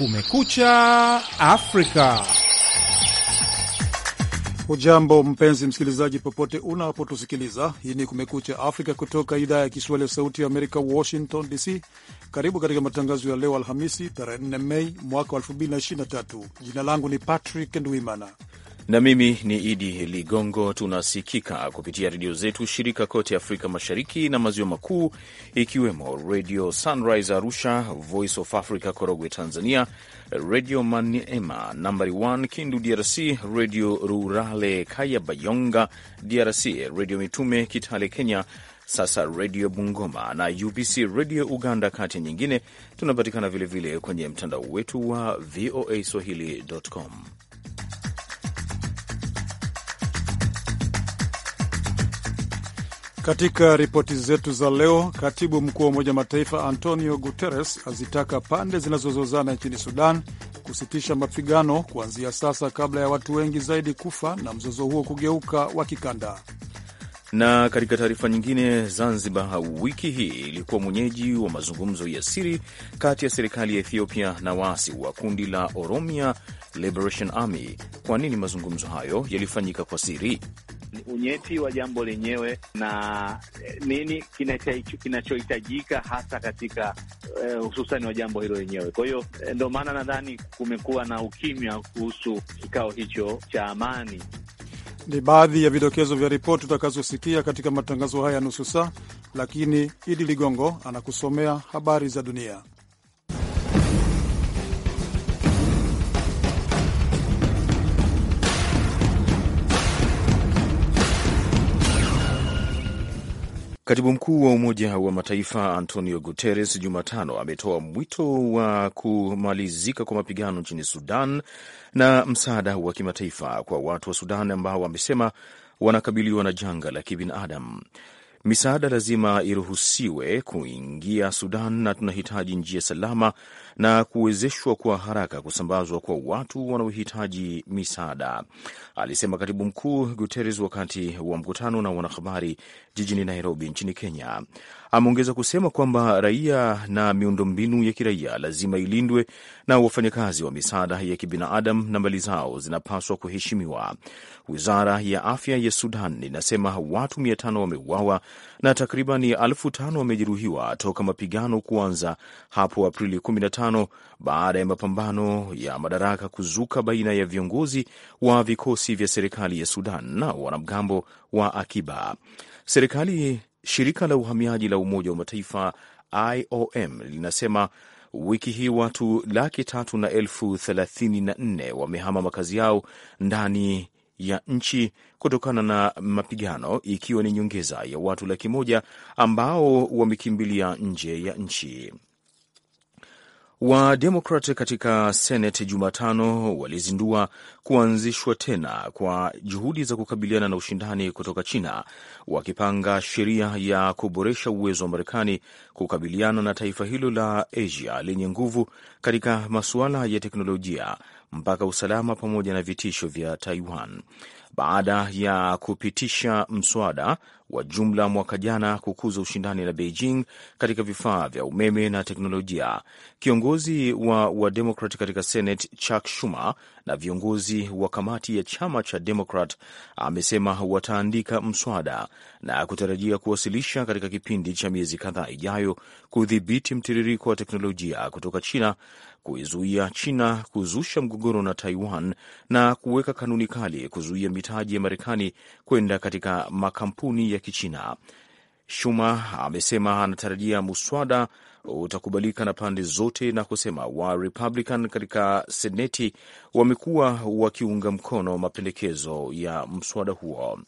Kumekucha Afrika. Ujambo mpenzi msikilizaji, popote unapotusikiliza. Hii ni Kumekucha Afrika kutoka idhaa ya Kiswahili ya Sauti ya Amerika, Washington DC. Karibu katika matangazo ya leo Alhamisi, tarehe 4 Mei mwaka 2023. Jina langu ni Patrick Ndwimana na mimi ni Idi Ligongo. Tunasikika kupitia redio zetu shirika kote Afrika Mashariki na Maziwa Makuu, ikiwemo Redio Sunrise Arusha, Voice of Africa Korogwe Tanzania, Redio Maniema nambari 1 Kindu DRC, Redio Rurale Kayabayonga DRC, Redio Mitume Kitale Kenya, sasa Redio Bungoma na UBC Redio Uganda, kati ya nyingine. Tunapatikana vilevile kwenye mtandao wetu wa voa swahili.com. Katika ripoti zetu za leo, katibu mkuu wa Umoja Mataifa Antonio Guterres azitaka pande zinazozozana nchini Sudan kusitisha mapigano kuanzia sasa kabla ya watu wengi zaidi kufa na mzozo huo kugeuka wa kikanda. Na katika taarifa nyingine, Zanzibar wiki hii ilikuwa mwenyeji wa mazungumzo ya siri kati ya serikali ya Ethiopia na waasi wa kundi la Oromia Liberation Army. Kwa nini mazungumzo hayo yalifanyika kwa siri? unyeti wa jambo lenyewe na eh, nini kinachohitajika hasa katika eh, hususani wa jambo hilo lenyewe. Kwa hiyo eh, ndo maana nadhani kumekuwa na ukimya kuhusu kikao hicho cha amani. Ni baadhi ya vidokezo vya ripoti utakazosikia katika matangazo haya ya nusu saa, lakini Idi Ligongo anakusomea habari za dunia. Katibu mkuu wa Umoja wa Mataifa Antonio Guterres Jumatano ametoa mwito wa kumalizika kwa mapigano nchini Sudan na msaada wa kimataifa kwa watu wa Sudan ambao wamesema wanakabiliwa na janga la kibinadamu. Misaada lazima iruhusiwe kuingia Sudan na tunahitaji njia salama na kuwezeshwa kwa haraka kusambazwa kwa watu wanaohitaji misaada, alisema katibu mkuu Guterres wakati wa mkutano na wanahabari jijini Nairobi nchini Kenya. Ameongeza kusema kwamba raia na miundombinu ya kiraia lazima ilindwe na wafanyakazi wa misaada ya kibinadamu na mali zao zinapaswa kuheshimiwa. Wizara ya afya ya Sudan inasema watu mia tano wameuawa na takribani elfu tano wamejeruhiwa toka mapigano kuanza hapo Aprili 15 baada ya mapambano ya madaraka kuzuka baina ya viongozi wa vikosi vya serikali ya Sudan na wanamgambo wa akiba. Serikali Shirika la uhamiaji la Umoja wa Mataifa IOM linasema wiki hii watu laki tatu na elfu thelathini na nne wamehama makazi yao ndani ya nchi kutokana na mapigano, ikiwa ni nyongeza ya watu laki moja ambao wamekimbilia nje ya nchi wa Demokrat katika Senate Jumatano walizindua kuanzishwa tena kwa juhudi za kukabiliana na ushindani kutoka China, wakipanga sheria ya kuboresha uwezo wa Marekani kukabiliana na taifa hilo la Asia lenye nguvu katika masuala ya teknolojia, mpaka usalama, pamoja na vitisho vya Taiwan baada ya kupitisha mswada wa jumla mwaka jana kukuza ushindani na Beijing katika vifaa vya umeme na teknolojia. Kiongozi wa Wademokrat katika Senate Chuck Schumer na viongozi wa kamati ya chama cha Demokrat amesema wataandika mswada na kutarajia kuwasilisha katika kipindi cha miezi kadhaa ijayo, kudhibiti mtiririko wa teknolojia kutoka China kuizuia China kuzusha mgogoro na Taiwan na kuweka kanuni kali kuzuia mitaji ya Marekani kwenda katika makampuni ya Kichina. Shuma amesema anatarajia muswada utakubalika na pande zote na kusema wa Republican katika Seneti wamekuwa wakiunga mkono mapendekezo ya mswada huo.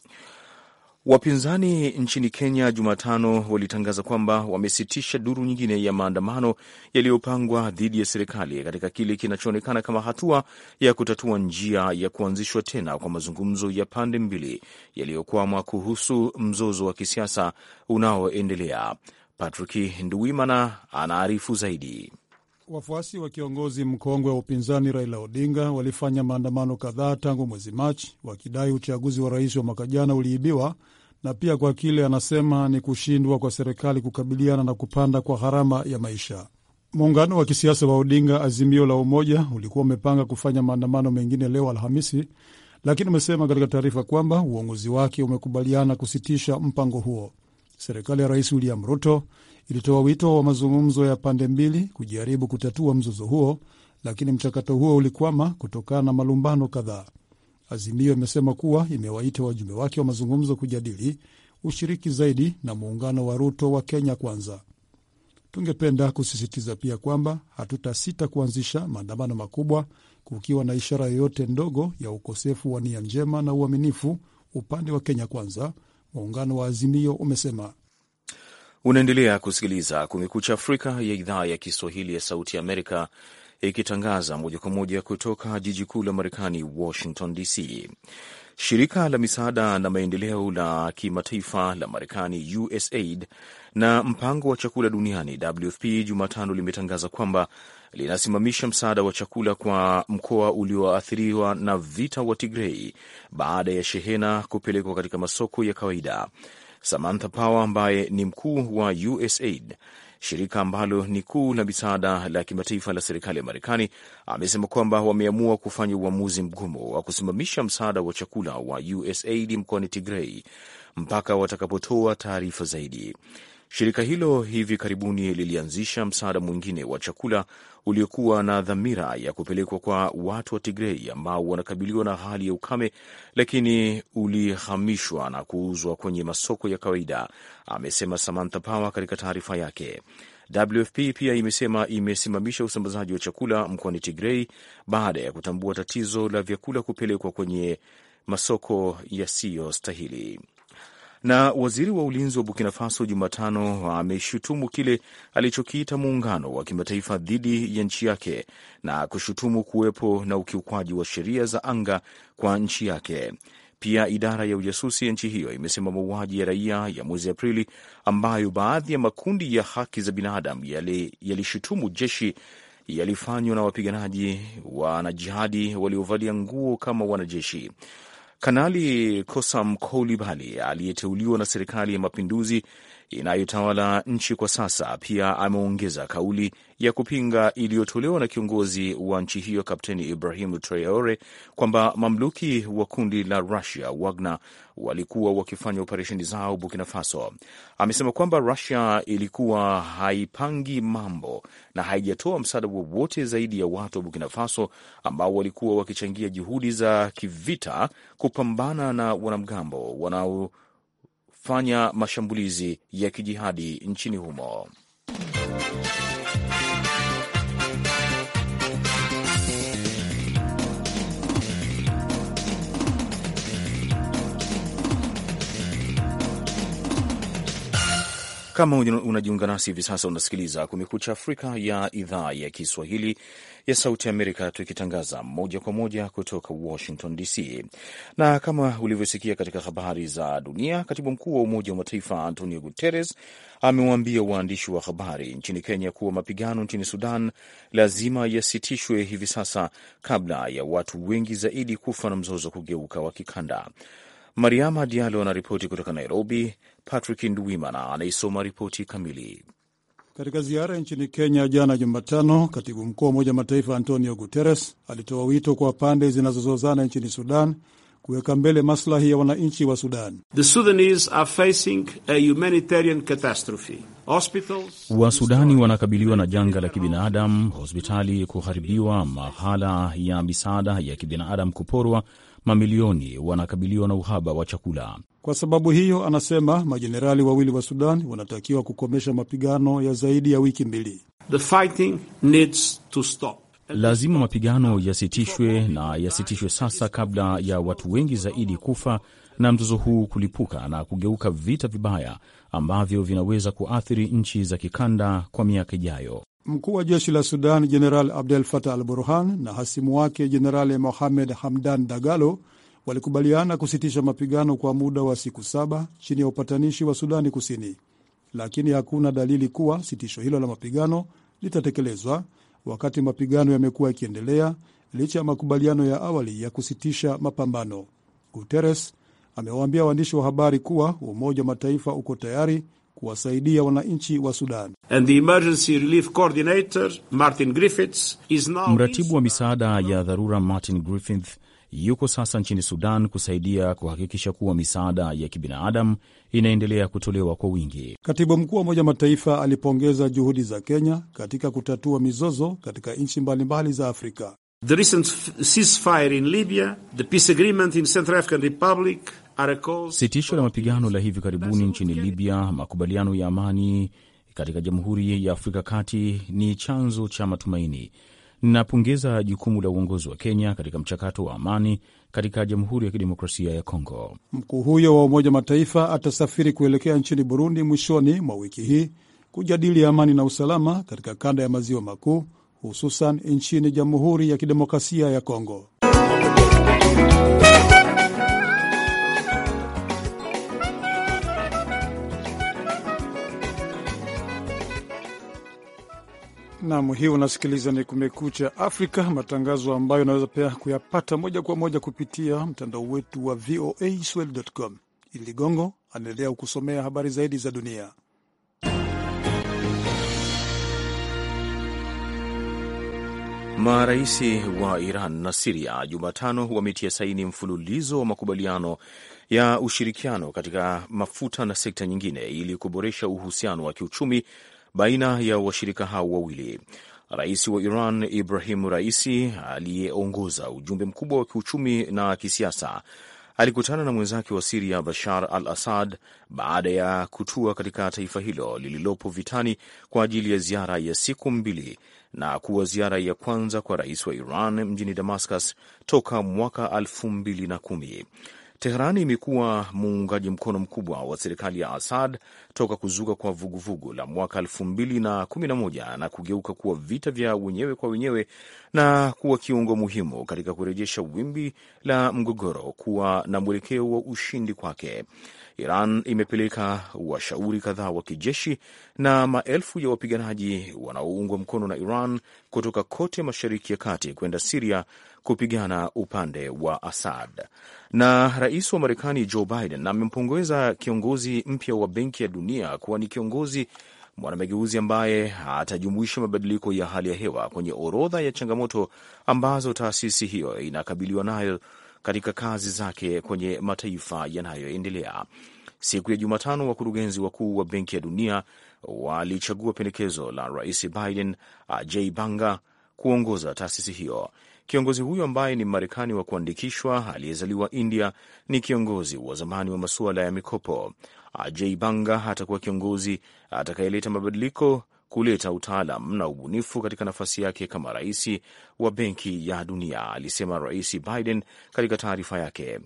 Wapinzani nchini Kenya Jumatano walitangaza kwamba wamesitisha duru nyingine ya maandamano yaliyopangwa dhidi ya serikali katika kile kinachoonekana kama hatua ya kutatua njia ya kuanzishwa tena kwa mazungumzo ya pande mbili yaliyokwama kuhusu mzozo wa kisiasa unaoendelea. Patrick Nduwimana anaarifu zaidi. Wafuasi wa kiongozi mkongwe wa upinzani Raila Odinga walifanya maandamano kadhaa tangu mwezi Machi wakidai uchaguzi wa rais wa mwaka jana uliibiwa na pia kwa kile anasema ni kushindwa kwa serikali kukabiliana na kupanda kwa gharama ya maisha. Muungano wa kisiasa wa Odinga, Azimio la Umoja, ulikuwa umepanga kufanya maandamano mengine leo Alhamisi, lakini umesema katika taarifa kwamba uongozi wake umekubaliana kusitisha mpango huo. Serikali ya Rais William Ruto ilitoa wito wa mazungumzo ya pande mbili kujaribu kutatua mzozo huo, lakini mchakato huo ulikwama kutokana na malumbano kadhaa. Azimio imesema kuwa imewaita wajumbe wake wa mazungumzo kujadili ushiriki zaidi na muungano wa Ruto wa Kenya Kwanza. Tungependa kusisitiza pia kwamba hatutasita kuanzisha maandamano makubwa kukiwa na ishara yoyote ndogo ya ukosefu wa nia njema na uaminifu upande wa Kenya Kwanza, muungano wa Azimio umesema. Unaendelea kusikiliza Kumekucha Afrika ya idhaa ya Kiswahili ya Sauti Amerika, ikitangaza moja kwa moja kutoka jiji kuu la Marekani, Washington DC. Shirika la misaada na maendeleo la kimataifa la Marekani, USAID, na mpango wa chakula duniani, WFP, Jumatano limetangaza kwamba linasimamisha msaada wa chakula kwa mkoa ulioathiriwa na vita wa Tigrei baada ya shehena kupelekwa katika masoko ya kawaida. Samantha Power ambaye ni mkuu wa USAID, shirika ambalo ni kuu la misaada la kimataifa la serikali ya Marekani, amesema kwamba wameamua kufanya uamuzi mgumu wa kusimamisha msaada wa chakula wa USAID mkoani Tigrei mpaka watakapotoa taarifa zaidi. Shirika hilo hivi karibuni lilianzisha msaada mwingine wa chakula uliokuwa na dhamira ya kupelekwa kwa watu wa Tigrei ambao wanakabiliwa na hali ya ukame, lakini ulihamishwa na kuuzwa kwenye masoko ya kawaida, amesema Samantha Power katika taarifa yake. WFP pia imesema imesimamisha usambazaji wa chakula mkoani Tigrei baada ya kutambua tatizo la vyakula kupelekwa kwenye masoko yasiyostahili. Na waziri wa ulinzi wa Burkina Faso Jumatano ameshutumu kile alichokiita muungano wa kimataifa dhidi ya nchi yake na kushutumu kuwepo na ukiukwaji wa sheria za anga kwa nchi yake. Pia idara ya ujasusi ya nchi hiyo imesema mauaji ya raia ya mwezi Aprili ambayo baadhi ya makundi ya haki za binadamu yalishutumu jeshi yalifanywa na wapiganaji wanajihadi waliovalia nguo kama wanajeshi. Kanali Kosam Kolibali aliyeteuliwa na Serikali ya Mapinduzi inayotawala nchi kwa sasa. Pia ameongeza kauli ya kupinga iliyotolewa na kiongozi wa nchi hiyo Kapteni Ibrahim Traore kwamba mamluki wa kundi la Russia Wagner walikuwa wakifanya operesheni zao Burkina Faso. Amesema kwamba Russia ilikuwa haipangi mambo na haijatoa msaada wowote zaidi ya watu wa Burkina Faso ambao walikuwa wakichangia juhudi za kivita kupambana na wanamgambo wanao kufanya mashambulizi ya kijihadi nchini humo. Kama unajiunga nasi hivi sasa, unasikiliza Kumekucha Afrika ya idhaa ya Kiswahili ya Sauti Amerika, tukitangaza moja kwa moja kutoka Washington DC. Na kama ulivyosikia katika habari za dunia, katibu mkuu wa Umoja wa Mataifa Antonio Guterres amewaambia waandishi wa habari nchini Kenya kuwa mapigano nchini Sudan lazima yasitishwe hivi sasa kabla ya watu wengi zaidi kufa na mzozo kugeuka wa kikanda. Mariama Diallo anaripoti kutoka Nairobi. Patrick Nduwimana anaisoma ripoti kamili. Katika ziara nchini Kenya jana Jumatano, katibu mkuu wa Umoja wa Mataifa Antonio Guterres alitoa wito kwa pande zinazozozana nchini Sudan kuweka mbele maslahi ya wananchi wa Sudan. Wasudani wanakabiliwa na janga la kibinadamu, hospitali kuharibiwa, mahala ya misaada ya kibinadamu kuporwa, mamilioni wanakabiliwa na uhaba wa chakula. Kwa sababu hiyo, anasema majenerali wawili wa Sudan wanatakiwa kukomesha mapigano ya zaidi ya wiki mbili. The fighting needs to stop. Lazima mapigano yasitishwe na yasitishwe sasa, kabla ya watu wengi zaidi kufa na mzozo huu kulipuka na kugeuka vita vibaya ambavyo vinaweza kuathiri nchi za kikanda kwa miaka ijayo. Mkuu wa jeshi la Sudan Jeneral Abdel Fatah al Burhan na hasimu wake Jenerali Mohamed Hamdan Dagalo walikubaliana kusitisha mapigano kwa muda wa siku saba chini ya upatanishi wa Sudani Kusini, lakini hakuna dalili kuwa sitisho hilo la mapigano litatekelezwa, wakati mapigano yamekuwa yakiendelea licha ya makubaliano ya awali ya kusitisha mapambano. Guterres amewaambia waandishi wa habari kuwa Umoja wa Mataifa uko tayari kuwasaidia wananchi wa Sudan. Mratibu wa misaada ya dharura Martin Griffith yuko sasa nchini Sudan kusaidia kuhakikisha kuwa misaada ya kibinadamu inaendelea kutolewa kwa wingi. Katibu mkuu wa Umoja Mataifa alipongeza juhudi za Kenya katika kutatua mizozo katika nchi mbalimbali za Afrika. The recent ceasefire in Libya, the peace agreement in Central African Republic Sitisho la mapigano la hivi karibuni nchini Libya, makubaliano ya amani katika Jamhuri ya Afrika Kati ni chanzo cha matumaini Napongeza jukumu la uongozi wa Kenya katika mchakato wa amani katika Jamhuri ya Kidemokrasia ya Kongo. Mkuu huyo wa Umoja Mataifa atasafiri kuelekea nchini Burundi mwishoni mwa wiki hii kujadili amani na usalama katika kanda ya maziwa makuu, hususan nchini Jamhuri ya Kidemokrasia ya Kongo. Nam, hii unasikiliza ni Kumekucha Afrika, matangazo ambayo unaweza pia kuyapata moja kwa moja kupitia mtandao wetu wa VOA swahili.com. Ili Ligongo anaendelea kukusomea habari zaidi za dunia. Maraisi wa Iran na Siria Jumatano wametia saini mfululizo wa makubaliano ya ushirikiano katika mafuta na sekta nyingine ili kuboresha uhusiano wa kiuchumi baina ya washirika hao wawili. Rais wa Iran Ibrahim Raisi, aliyeongoza ujumbe mkubwa wa kiuchumi na kisiasa, alikutana na mwenzake wa Siria Bashar al Assad baada ya kutua katika taifa hilo lililopo vitani kwa ajili ya ziara ya siku mbili na kuwa ziara ya kwanza kwa rais wa Iran mjini Damascus toka mwaka elfu mbili na kumi. Teherani imekuwa muungaji mkono mkubwa wa serikali ya Assad toka kuzuka kwa vuguvugu la mwaka 2011 na kugeuka kuwa vita vya wenyewe kwa wenyewe na kuwa kiungo muhimu katika kurejesha wimbi la mgogoro kuwa na mwelekeo wa ushindi kwake. Iran imepeleka washauri kadhaa wa kijeshi na maelfu ya wapiganaji wanaoungwa mkono na Iran kutoka kote Mashariki ya Kati kwenda Siria kupigana upande wa Assad. Na rais wa Marekani Joe Biden amempongeza kiongozi mpya wa Benki ya Dunia kuwa ni kiongozi mwanamageuzi ambaye atajumuisha mabadiliko ya hali ya hewa kwenye orodha ya changamoto ambazo taasisi hiyo inakabiliwa nayo katika kazi zake kwenye mataifa yanayoendelea. Siku ya Jumatano, wakurugenzi wakuu wa Benki ya Dunia walichagua pendekezo la Rais Biden Ajay Banga kuongoza taasisi hiyo. Kiongozi huyo ambaye ni marekani wa kuandikishwa aliyezaliwa India ni kiongozi wa zamani wa masuala ya mikopo. Ajay Banga atakuwa kiongozi atakayeleta mabadiliko, kuleta utaalam na ubunifu katika nafasi yake kama rais wa Benki ya Dunia, alisema Rais Biden katika taarifa yake.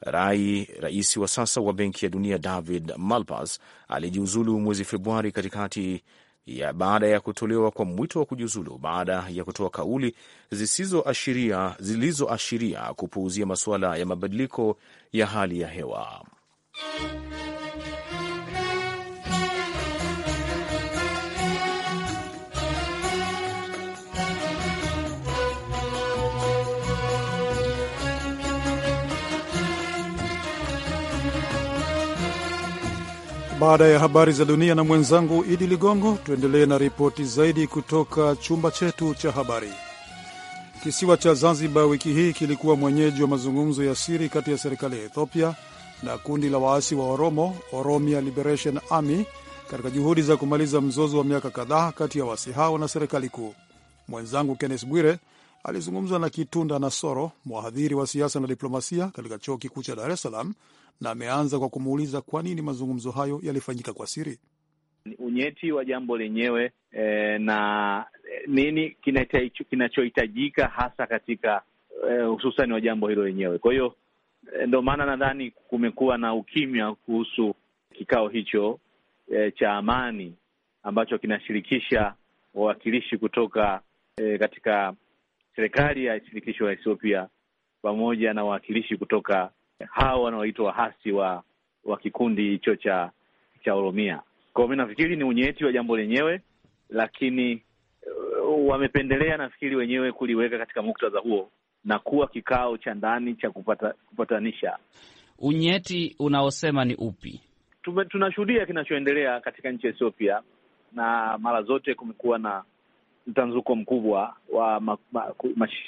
Rai rais wa sasa wa Benki ya Dunia David Malpass alijiuzulu mwezi Februari katikati ya baada ya kutolewa kwa mwito wa kujiuzulu baada ya kutoa kauli zisizoashiria zilizoashiria kupuuzia masuala ya mabadiliko ya hali ya hewa. Baada ya habari za dunia na mwenzangu Idi Ligongo, tuendelee na ripoti zaidi kutoka chumba chetu cha habari. Kisiwa cha Zanzibar wiki hii kilikuwa mwenyeji wa mazungumzo ya siri kati ya serikali ya Ethiopia na kundi la waasi wa Oromo, Oromia Liberation Army, katika juhudi za kumaliza mzozo wa miaka kadhaa kati ya waasi hao na serikali kuu. Mwenzangu Kennes Bwire alizungumzwa na Kitunda Nasoro, mhadhiri wa siasa na diplomasia katika chuo kikuu cha Dar es Salaam, na ameanza kwa kumuuliza kwa nini mazungumzo hayo yalifanyika kwa siri, unyeti wa jambo lenyewe e, na eh, nini kinachohitajika hasa katika e, hususani wa jambo hilo lenyewe. Kwa hiyo e, ndo maana nadhani kumekuwa na ukimya kuhusu kikao hicho e, cha amani ambacho kinashirikisha wawakilishi kutoka e, katika serikali ya shirikisho la Ethiopia pamoja na wawakilishi kutoka hawa wanaoitwa wahasi wa wa kikundi hicho cha cha Oromia. Kwao mi nafikiri ni unyeti wa jambo lenyewe, lakini uh, wamependelea nafikiri wenyewe kuliweka katika muktadha huo na kuwa kikao cha ndani cha kupata, kupatanisha. Unyeti unaosema ni upi? Tunashuhudia kinachoendelea katika nchi ya Ethiopia, na mara zote kumekuwa na mtanzuko mkubwa wa ma,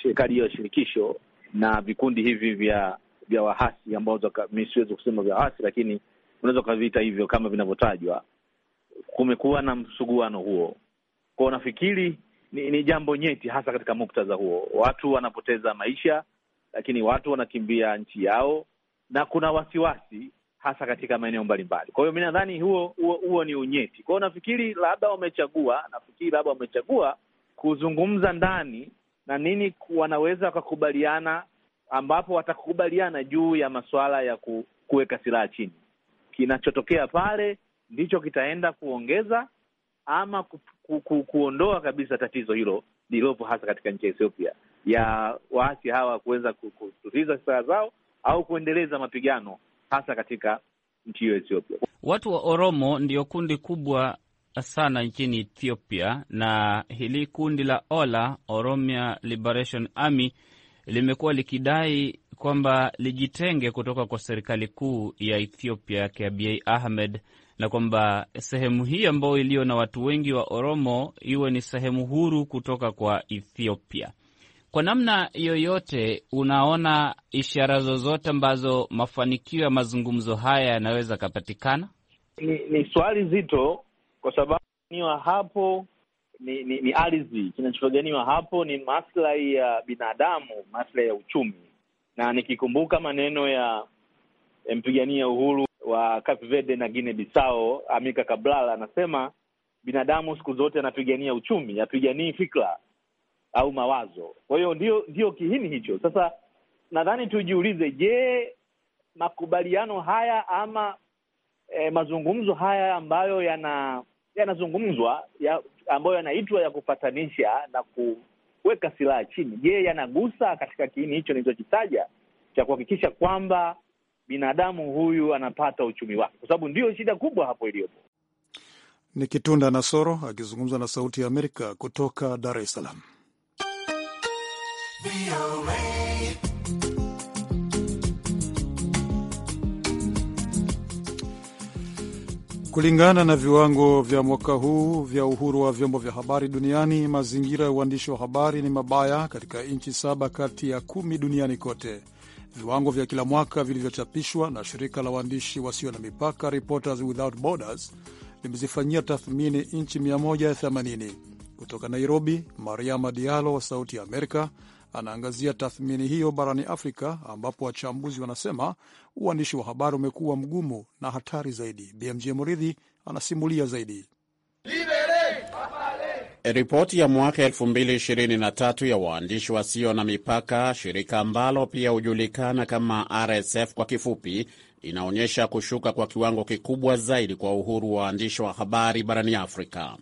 serikali ya shirikisho na vikundi hivi vya vya wahasi ambao mi siwezi kusema vya wahasi, lakini unaweza ukaviita hivyo kama vinavyotajwa. Kumekuwa na msuguano huo kwao, nafikiri ni, ni jambo nyeti, hasa katika muktadha huo. Watu wanapoteza maisha, lakini watu wanakimbia nchi yao, na kuna wasiwasi hasa katika maeneo mbalimbali. Kwa hiyo mi nadhani huo, huo huo ni unyeti. Kwa hiyo nafikiri labda wamechagua, nafikiri labda wamechagua kuzungumza ndani na nini wanaweza wakakubaliana, ambapo watakubaliana juu ya masuala ya ku, kuweka silaha chini. Kinachotokea pale ndicho kitaenda kuongeza ama ku, ku, ku, kuondoa kabisa tatizo hilo lililopo hasa katika nchi ya Ethiopia ya waasi hawa kuweza kututiza silaha zao au kuendeleza mapigano hasa katika nchi hiyo Ethiopia. Watu wa Oromo ndiyo kundi kubwa sana nchini Ethiopia, na hili kundi la OLA, Oromia Liberation Army, limekuwa likidai kwamba lijitenge kutoka kwa serikali kuu ya Ethiopia ya Abiy Ahmed, na kwamba sehemu hii ambayo iliyo na watu wengi wa Oromo iwe ni sehemu huru kutoka kwa Ethiopia. Kwa namna yoyote, unaona ishara zozote ambazo mafanikio ya mazungumzo haya yanaweza akapatikana Ni, ni swali zito kwa sababu niwa hapo ni, ni, ni ardhi. Kinachopiganiwa hapo ni maslahi ya binadamu, maslahi ya uchumi, na nikikumbuka maneno ya mpigania uhuru wa Cape Verde na Guinea Bissau Amilcar Cabral anasema binadamu siku zote anapigania uchumi, apiganii fikra au mawazo. Kwa hiyo ndio, ndio kiini hicho. Sasa nadhani tujiulize, je, makubaliano haya ama e, mazungumzo haya ambayo yana yanazungumzwa ya, ambayo yanaitwa ya kupatanisha na kuweka silaha chini, je, yanagusa katika kiini hicho nilichokitaja cha kuhakikisha kwamba binadamu huyu anapata uchumi wake, kwa sababu ndiyo shida kubwa hapo iliyopo. Ni Kitunda Nasoro akizungumza na Sauti ya Amerika kutoka Dar es Salaam. Kulingana na viwango vya mwaka huu vya uhuru wa vyombo vya habari duniani, mazingira ya uandishi wa habari ni mabaya katika nchi saba kati ya kumi duniani kote. Viwango vya kila mwaka vilivyochapishwa na shirika la waandishi wasio na mipaka Reporters Without Borders limezifanyia tathmini nchi 180. Kutoka Nairobi, Mariama Diallo wa Sauti ya Amerika anaangazia tathmini hiyo barani Afrika, ambapo wachambuzi wanasema uandishi wa habari umekuwa mgumu na hatari zaidi. BMJ Muridhi anasimulia zaidi. Ripoti ya mwaka 2023 ya waandishi wasio na mipaka, shirika ambalo pia hujulikana kama RSF kwa kifupi, inaonyesha kushuka kwa kiwango kikubwa zaidi kwa uhuru wa waandishi wa habari barani Afrika.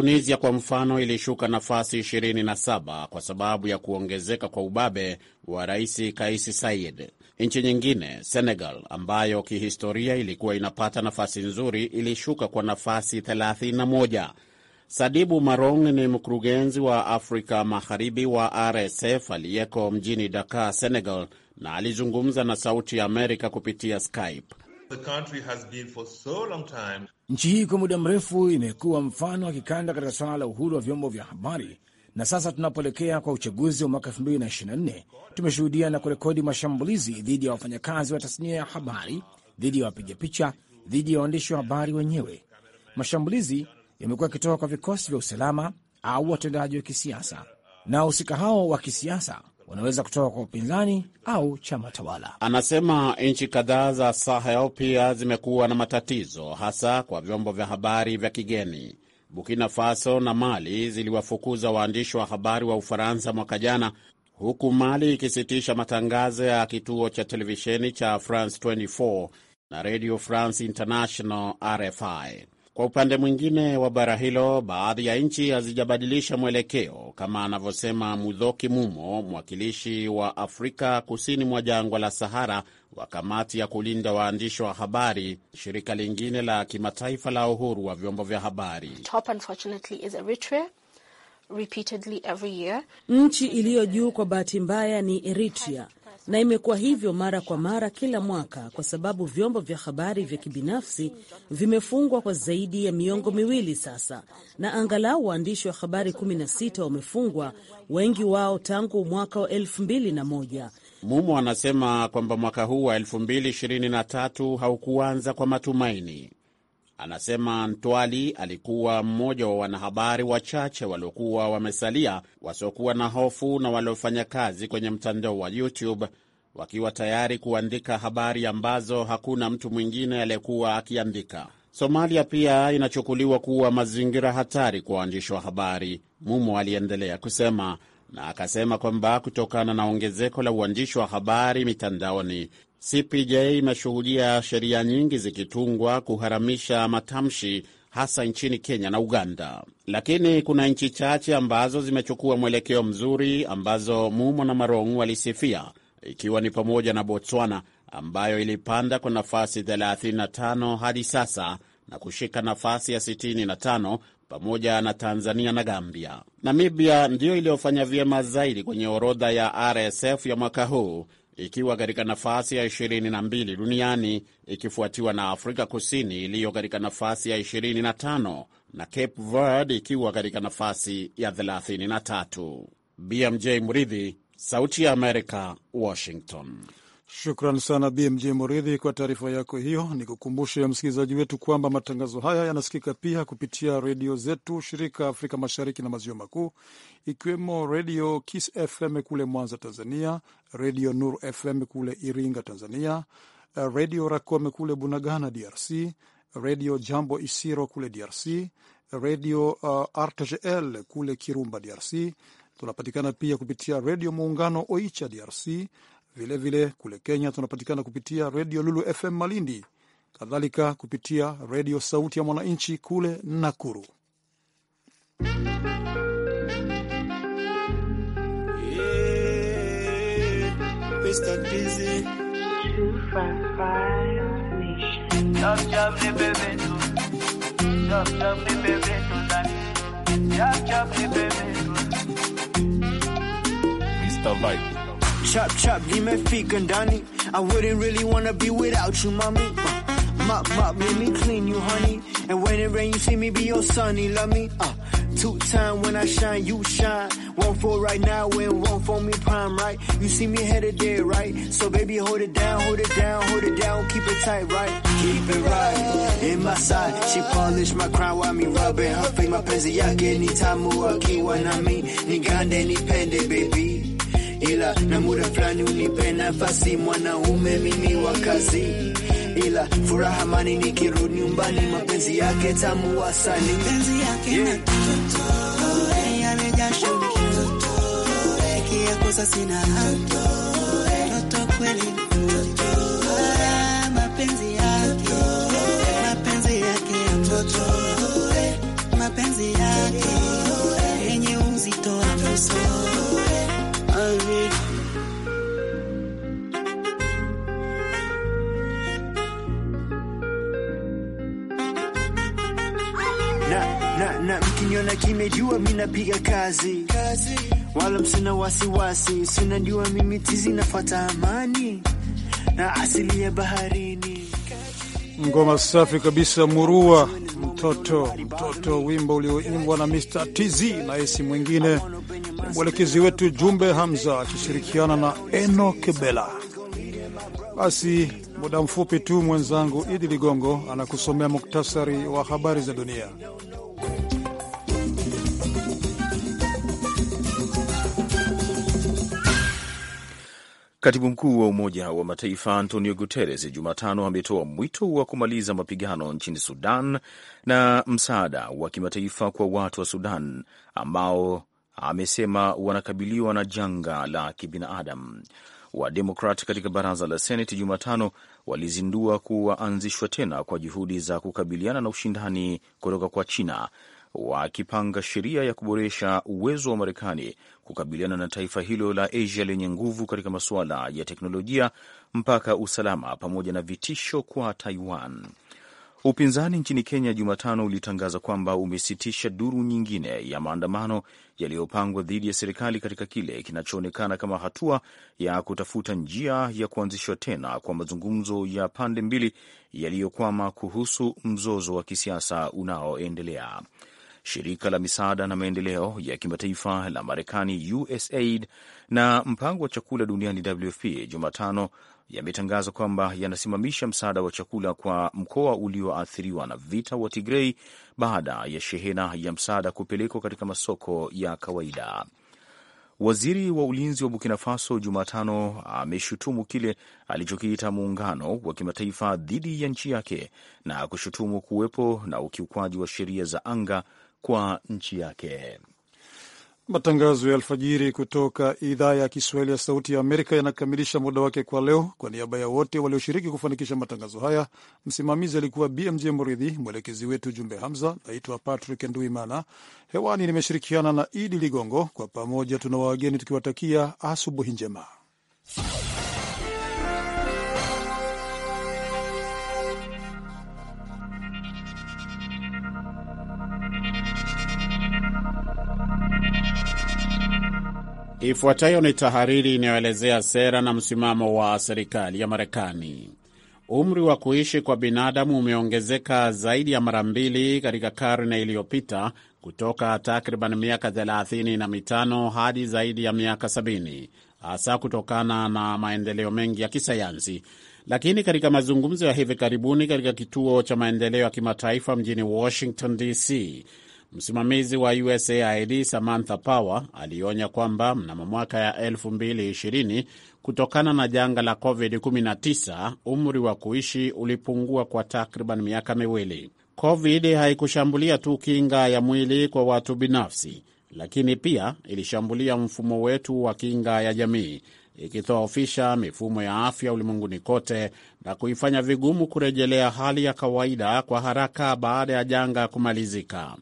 Tunisia kwa mfano ilishuka nafasi 27 kwa sababu ya kuongezeka kwa ubabe wa Rais kaisi said Nchi nyingine Senegal, ambayo kihistoria ilikuwa inapata nafasi nzuri, ilishuka kwa nafasi 31. Sadibu Marong ni mkurugenzi wa Afrika Magharibi wa RSF aliyeko mjini Dakar, Senegal, na alizungumza na Sauti ya Amerika kupitia Skype. Nchi hii kwa muda mrefu imekuwa mfano wa kikanda katika suala la uhuru wa vyombo vya habari, na sasa tunapoelekea kwa uchaguzi wa mwaka 2024 tumeshuhudia na kurekodi mashambulizi dhidi ya wafanyakazi wa tasnia ya habari, dhidi ya wapiga picha, dhidi ya waandishi wa habari wenyewe. Mashambulizi yamekuwa yakitoka kwa vikosi vya usalama au watendaji wa kisiasa, na wahusika hao wa kisiasa wanaweza kutoka kwa upinzani au chama tawala. Anasema nchi kadhaa za Sahel pia zimekuwa na matatizo, hasa kwa vyombo vya habari vya kigeni. Burkina Faso na Mali ziliwafukuza waandishi wa habari wa Ufaransa mwaka jana, huku Mali ikisitisha matangazo ya kituo cha televisheni cha France 24 na Radio France International RFI. Kwa upande mwingine wa bara hilo, baadhi ya nchi hazijabadilisha mwelekeo, kama anavyosema Mudhoki Mumo, mwakilishi wa Afrika kusini mwa jangwa la Sahara wa kamati ya kulinda waandishi wa habari, shirika lingine la kimataifa la uhuru wa vyombo vya habari. Top unfortunately is Eritrea. Repeatedly every year. Nchi iliyo juu kwa bahati mbaya ni Eritrea na imekuwa hivyo mara kwa mara kila mwaka, kwa sababu vyombo vya habari vya kibinafsi vimefungwa kwa zaidi ya miongo miwili sasa, na angalau waandishi wa habari 16 wamefungwa, wengi wao tangu mwaka wa 2001. Mumo anasema kwamba mwaka huu wa 2023 haukuanza kwa matumaini. Anasema Ntwali alikuwa mmoja wa wanahabari wachache waliokuwa wamesalia wasiokuwa na hofu na waliofanya kazi kwenye mtandao wa YouTube wakiwa tayari kuandika habari ambazo hakuna mtu mwingine aliyekuwa akiandika. Somalia pia inachukuliwa kuwa mazingira hatari kwa waandishi wa habari, Mumo aliendelea kusema na akasema kwamba kutokana na ongezeko la uandishi wa habari mitandaoni, CPJ imeshuhudia sheria nyingi zikitungwa kuharamisha matamshi hasa nchini Kenya na Uganda. Lakini kuna nchi chache ambazo zimechukua mwelekeo mzuri, ambazo Mumo na Marong walisifia, ikiwa ni pamoja na Botswana ambayo ilipanda kwa nafasi 35 hadi sasa na kushika nafasi ya 65 pamoja na Tanzania na Gambia. Namibia ndiyo iliyofanya vyema zaidi kwenye orodha ya RSF ya mwaka huu ikiwa katika nafasi ya 22 duniani ikifuatiwa na Afrika Kusini iliyo katika nafasi ya 25 na Cape Verde ikiwa katika nafasi ya 33. BMJ Mridhi, Sauti ya Amerika, Washington. Shukran sana BMJ Muridhi kwa taarifa yako hiyo. Ni kukumbushe msikilizaji wetu kwamba matangazo haya yanasikika pia kupitia redio zetu shirika Afrika Mashariki na Maziwa Makuu, ikiwemo Redio Kiss FM kule Mwanza, Tanzania, Redio Nur FM kule Iringa, Tanzania, Redio Rakome kule Bunagana, DRC, Redio Jambo Isiro kule DRC, Redio uh, RTGL kule Kirumba, DRC. Tunapatikana pia kupitia Redio Muungano Oicha, DRC, Vilevile vile, kule Kenya tunapatikana kupitia redio Lulu FM Malindi, kadhalika kupitia redio Sauti ya Mwananchi kule Nakuru. Yeah, Chop chop, nimefica ndani. I wouldn't really wanna be without you, mommy. Mop mop, let me clean you, honey. And when it rain, you see me be your sunny, love me. Uh, two time when I shine, you shine. One for right now and one for me prime, right? You see me headed there, right? So baby, hold it down, hold it down, hold it down, keep it tight, right? Keep it right in my side. She polish my crown while me rubbing her face. Mapenzi yake ni tamu akiwa na mi, ni gande ni pende, baby. ila na muda fulani unipe nafasi, mwanaume mimi wa kazi, ila furaha mani nikirudi nyumbani, mapenzi yake tamu wasani, mapenzi yake yeah. Mapenzi yake yenye uzito wa na na na, mkiniona kimejua mimi napiga kazi kazi, wala msina wasiwasi, sina jua mimi tizi nafuata amani na asili ya baharini. Ngoma safi kabisa, murua mtoto mtoto, wimbo ulioimbwa na Mr TZ na si mwingine mwelekezi wetu Jumbe Hamza akishirikiana na Eno Kebela. Basi Muda mfupi tu mwenzangu Idi Ligongo anakusomea muktasari wa habari za dunia. Katibu mkuu wa Umoja wa Mataifa Antonio Guterres Jumatano ametoa mwito wa kumaliza mapigano nchini Sudan na msaada wa kimataifa kwa watu wa Sudan ambao amesema wanakabiliwa na janga la kibinadamu. Wademokrat katika baraza la Seneti Jumatano walizindua kuwaanzishwa tena kwa juhudi za kukabiliana na ushindani kutoka kwa China, wakipanga sheria ya kuboresha uwezo wa Marekani kukabiliana na taifa hilo la Asia lenye nguvu katika masuala ya teknolojia, mpaka usalama, pamoja na vitisho kwa Taiwan. Upinzani nchini Kenya Jumatano ulitangaza kwamba umesitisha duru nyingine ya maandamano yaliyopangwa dhidi ya serikali katika kile kinachoonekana kama hatua ya kutafuta njia ya kuanzishwa tena kwa mazungumzo ya pande mbili yaliyokwama kuhusu mzozo wa kisiasa unaoendelea. Shirika la misaada na maendeleo ya kimataifa la Marekani, USAID, na mpango wa chakula duniani, WFP, Jumatano yametangaza kwamba yanasimamisha msaada wa chakula kwa mkoa ulioathiriwa na vita wa Tigrei baada ya shehena ya msaada kupelekwa katika masoko ya kawaida. Waziri wa ulinzi wa Burkina Faso Jumatano ameshutumu kile alichokiita muungano wa kimataifa dhidi ya nchi yake na kushutumu kuwepo na ukiukwaji wa sheria za anga kwa nchi yake. Matangazo ya alfajiri kutoka idhaa ya Kiswahili ya Sauti ya Amerika yanakamilisha muda wake kwa leo. Kwa niaba ya wote walioshiriki kufanikisha matangazo haya, msimamizi alikuwa BMJ mridhi mwelekezi wetu Jumbe Hamza. Naitwa Patrick Nduimana, hewani nimeshirikiana na Idi Ligongo. Kwa pamoja tuna wageni tukiwatakia asubuhi njema. Ifuatayo ni tahariri inayoelezea sera na msimamo wa serikali ya Marekani. Umri wa kuishi kwa binadamu umeongezeka zaidi ya mara mbili katika karne iliyopita kutoka takriban miaka 35 hadi zaidi ya miaka 70, hasa kutokana na maendeleo mengi ya kisayansi. Lakini katika mazungumzo ya hivi karibuni katika kituo cha maendeleo ya kimataifa mjini Washington DC, Msimamizi wa USAID Samantha Power alionya kwamba mnamo mwaka ya 2020 kutokana na janga la COVID-19 umri wa kuishi ulipungua kwa takriban miaka miwili. COVID haikushambulia tu kinga ya mwili kwa watu binafsi, lakini pia ilishambulia mfumo wetu wa kinga ya jamii, ikidhoofisha mifumo ya afya ulimwenguni kote na kuifanya vigumu kurejelea hali ya kawaida kwa haraka baada ya janga kumalizika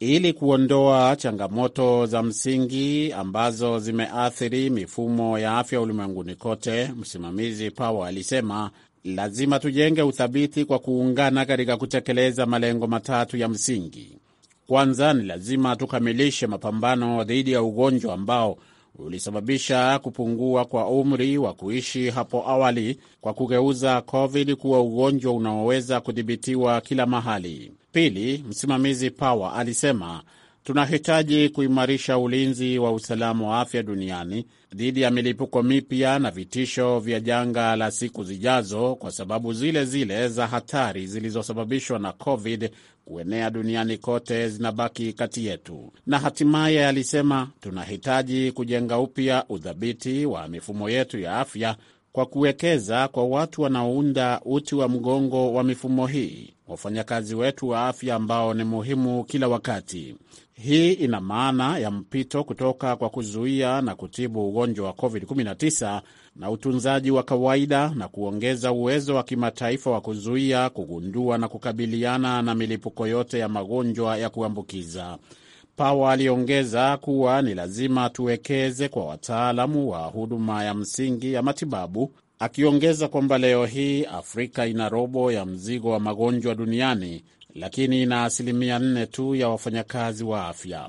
ili kuondoa changamoto za msingi ambazo zimeathiri mifumo ya afya ulimwenguni kote. Msimamizi Power alisema lazima tujenge uthabiti kwa kuungana katika kutekeleza malengo matatu ya msingi. Kwanza, ni lazima tukamilishe mapambano dhidi ya ugonjwa ambao ulisababisha kupungua kwa umri wa kuishi hapo awali kwa kugeuza COVID kuwa ugonjwa unaoweza kudhibitiwa kila mahali. Jumapili, msimamizi Power alisema tunahitaji kuimarisha ulinzi wa usalama wa afya duniani dhidi ya milipuko mipya na vitisho vya janga la siku zijazo kwa sababu zile zile za hatari zilizosababishwa na COVID kuenea duniani kote zinabaki kati yetu. Na hatimaye alisema tunahitaji kujenga upya udhabiti wa mifumo yetu ya afya kwa kuwekeza kwa watu wanaounda uti wa mgongo wa mifumo hii wafanyakazi wetu wa afya ambao ni muhimu kila wakati. Hii ina maana ya mpito kutoka kwa kuzuia na kutibu ugonjwa wa COVID-19 na utunzaji wa kawaida na kuongeza uwezo wa kimataifa wa kuzuia, kugundua na kukabiliana na milipuko yote ya magonjwa ya kuambukiza. Pawa aliongeza kuwa ni lazima tuwekeze kwa wataalamu wa huduma ya msingi ya matibabu akiongeza kwamba leo hii Afrika ina robo ya mzigo wa magonjwa duniani, lakini ina asilimia nne tu ya wafanyakazi wa afya.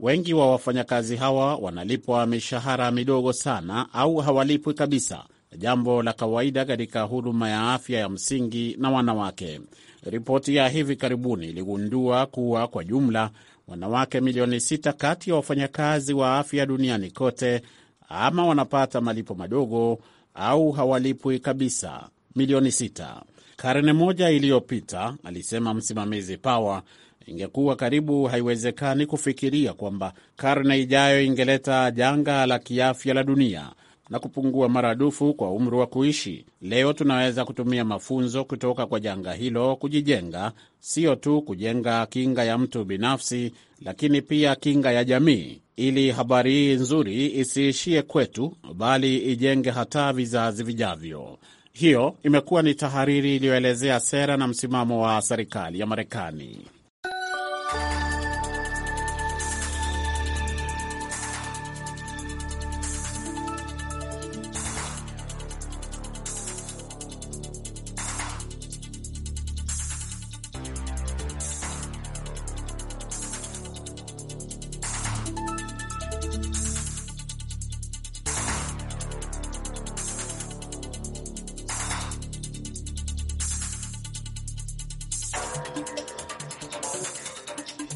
Wengi wa wafanyakazi hawa wanalipwa mishahara midogo sana au hawalipwi kabisa, jambo la kawaida katika huduma ya afya ya msingi na wanawake. Ripoti ya hivi karibuni iligundua kuwa kwa jumla wanawake milioni sita kati ya wafanyakazi wa afya duniani kote ama wanapata malipo madogo au hawalipwi kabisa, milioni sita. Karne moja iliyopita, alisema msimamizi Power, ingekuwa karibu haiwezekani kufikiria kwamba karne ijayo ingeleta janga la kiafya la dunia na kupungua maradufu kwa umri wa kuishi. Leo tunaweza kutumia mafunzo kutoka kwa janga hilo kujijenga, sio tu kujenga kinga ya mtu binafsi, lakini pia kinga ya jamii, ili habari hii nzuri isiishie kwetu, bali ijenge hata vizazi vijavyo. Hiyo imekuwa ni tahariri iliyoelezea sera na msimamo wa serikali ya Marekani.